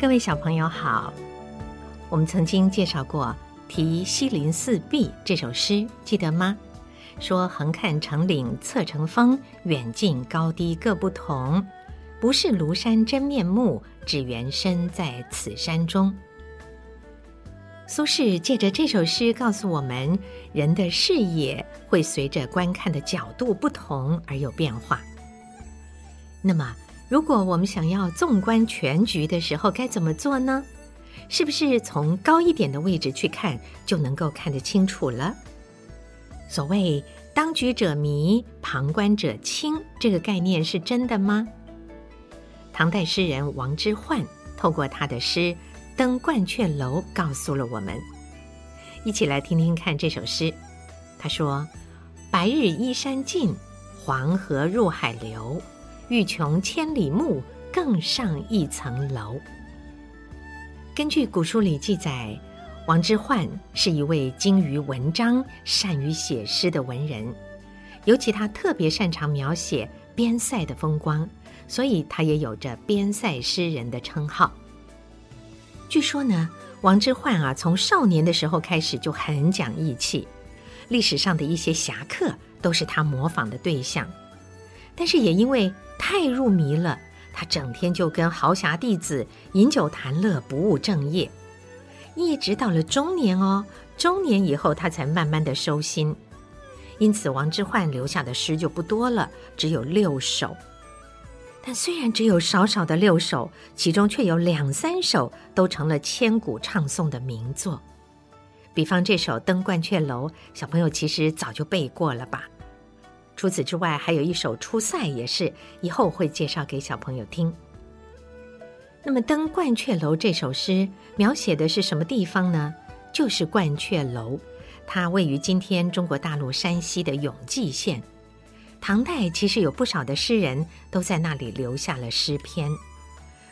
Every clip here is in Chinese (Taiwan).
各位小朋友好，我們曾經介紹過《題西林寺壁》這首詩，記得嗎？說“橫看成嶺側成峰，遠近高低各不同。不識廬山真面目，只緣身在此山中。”蘇軾借着這首詩告訴我們，人的視野會隨着觀看的角度不同而有變化。那麼，如果我們想要縱觀全局的時候，該怎麼做呢？是不是從高一點的位置去看，就能夠看得清楚了？所謂“當局者迷，旁觀者清”，這個概念是真的嗎？唐代詩人王之渙透過他的詩《登鸛雀樓》告訴了我們。一起來聽聽看這首詩。他說：“白日依山盡，黃河入海流。”欲窮千里目，更上一層樓。根據古書裡記載，王之渙是一位精於文章、善於寫詩的文人，尤其他特別擅長描寫邊塞的風光，所以他也有着邊塞詩人的稱號。據說呢，王之渙啊，從少年的時候開始就很講義氣，歷史上的一些俠客都是他模仿的對象。但是也因為太入迷了，他整天就跟豪俠弟子飲酒談樂，不務正業。一直到了中年哦，中年以後他才慢慢的收心。因此，王之渙留下的詩就不多了，只有六首。但雖然只有少少的六首，其中卻有兩三首都成了千古唱誦的名作。比方這首《登鸛雀樓》，小朋友其實早就背過了吧！除此之外，還有一首《出塞》，也是以後會介紹給小朋友聽。那麼《登鸛雀樓》這首詩描寫的是什麼地方呢？就是鸛雀樓，它位於今天中國大陸山西的永濟縣。唐代其實有不少的詩人都在那裡留下了詩篇，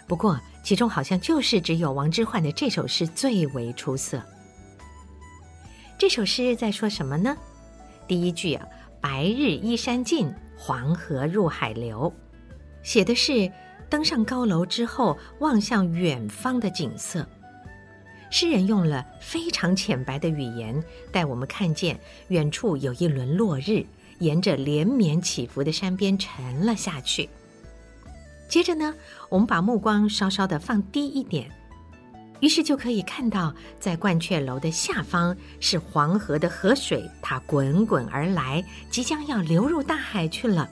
不過其中好像就是只有王之渙的這首詩最為出色。這首詩在說什麼呢？第一句啊。白日依山盡，黃河入海流。寫的是登上高樓之後望向遠方的景色。詩人用了非常淺白的語言，帶我們看見遠處有一輪落日，沿着連綿起伏的山邊沉了下去。接着呢，我們把目光稍稍地放低一點。於是就可以看到，在鸛雀樓的下方是黃河的河水，它滾滾而來，即將要流入大海去了。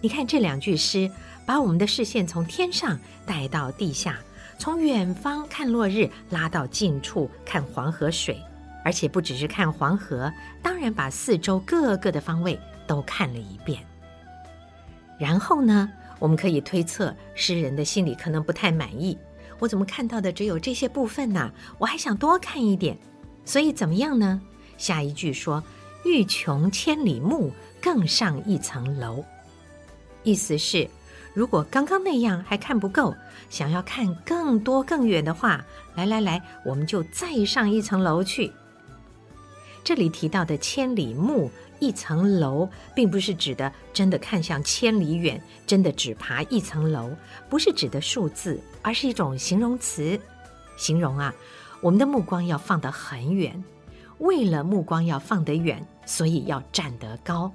你看這兩句詩，把我們的視線從天上帶到地下，從遠方看落日，拉到近處看黃河水，而且不只是看黃河，當然把四周各個的方位都看了一遍。然後呢，我們可以推測，詩人的心裡可能不太滿意。我怎麼看到的只有這些部分呢、啊？我還想多看一點，所以怎麼樣呢？下一句說：“欲窮千里目，更上一層樓。”意思是，如果剛剛那樣還看不夠，想要看更多更遠的話，來來來，我們就再上一層樓去。這裡提到的“千里目，一層樓”，並不是指的真的看向千里遠，真的只爬一層樓，不是指的數字，而是一種形容詞，形容啊，我們的目光要放得很遠。為了目光要放得遠，所以要站得高。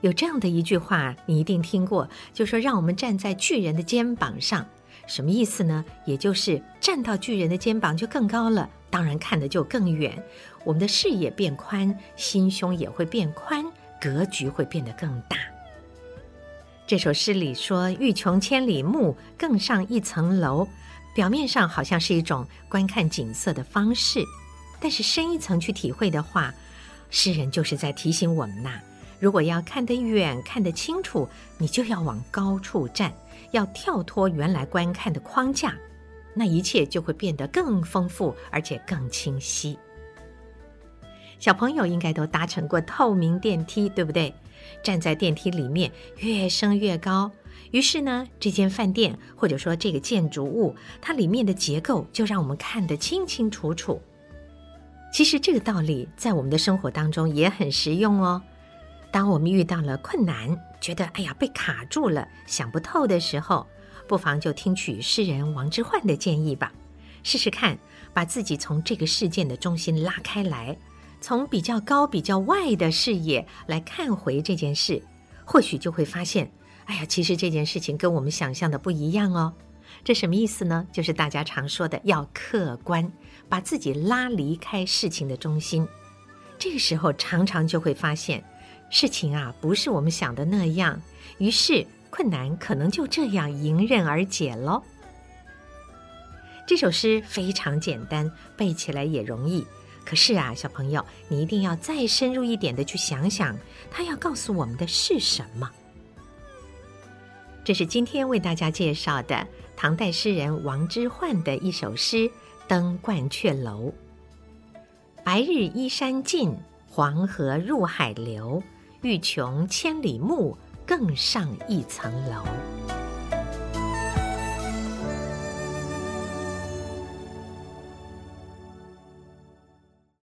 有這樣的一句話，你一定聽過，就是說“讓我們站在巨人的肩膀上”，什麼意思呢？也就是站到巨人的肩膀就更高了，當然看得就更遠。我們的視野變寬，心胸也會變寬，格局會變得更大。這首詩裡說“欲窮千里目，更上一層樓”，表面上好像是一種觀看景色的方式，但是深一層去體會的話，詩人就是在提醒我們吶、啊：如果要看得遠、看得清楚，你就要往高處站，要跳脫原來觀看的框架，那一切就會變得更豐富，而且更清晰。小朋友應該都搭乘過透明電梯，對不對？站在電梯裡面，越升越高。於是呢，這間飯店或者說這個建築物，它裡面的結構就讓我們看得清清楚楚。其實這個道理在我們的生活當中也很實用哦。當我們遇到了困難，覺得哎呀被卡住了，想不透的時候，不妨就聽取詩人王之渙的建議吧，試試看，把自己從這個事件的中心拉開來。從比較高，比較外的視野來看回這件事，或許就會發現，哎呀，其實這件事情跟我們想象的不一樣哦。這什麼意思呢？就是大家常說的要客觀，把自己拉離開事情的中心。這個時候常常就會發現，事情啊不是我們想的那樣，於是困難可能就這樣迎刃而解嘍。這首詩非常簡單，背起來也容易。可是啊，小朋友，你一定要再深入一點的去想想，他要告訴我們的是什麼。這是今天為大家介紹的唐代詩人王之渙的一首詩《登鸛雀樓》：“白日依山盡，黃河入海流。欲窮千里目，更上一層樓。”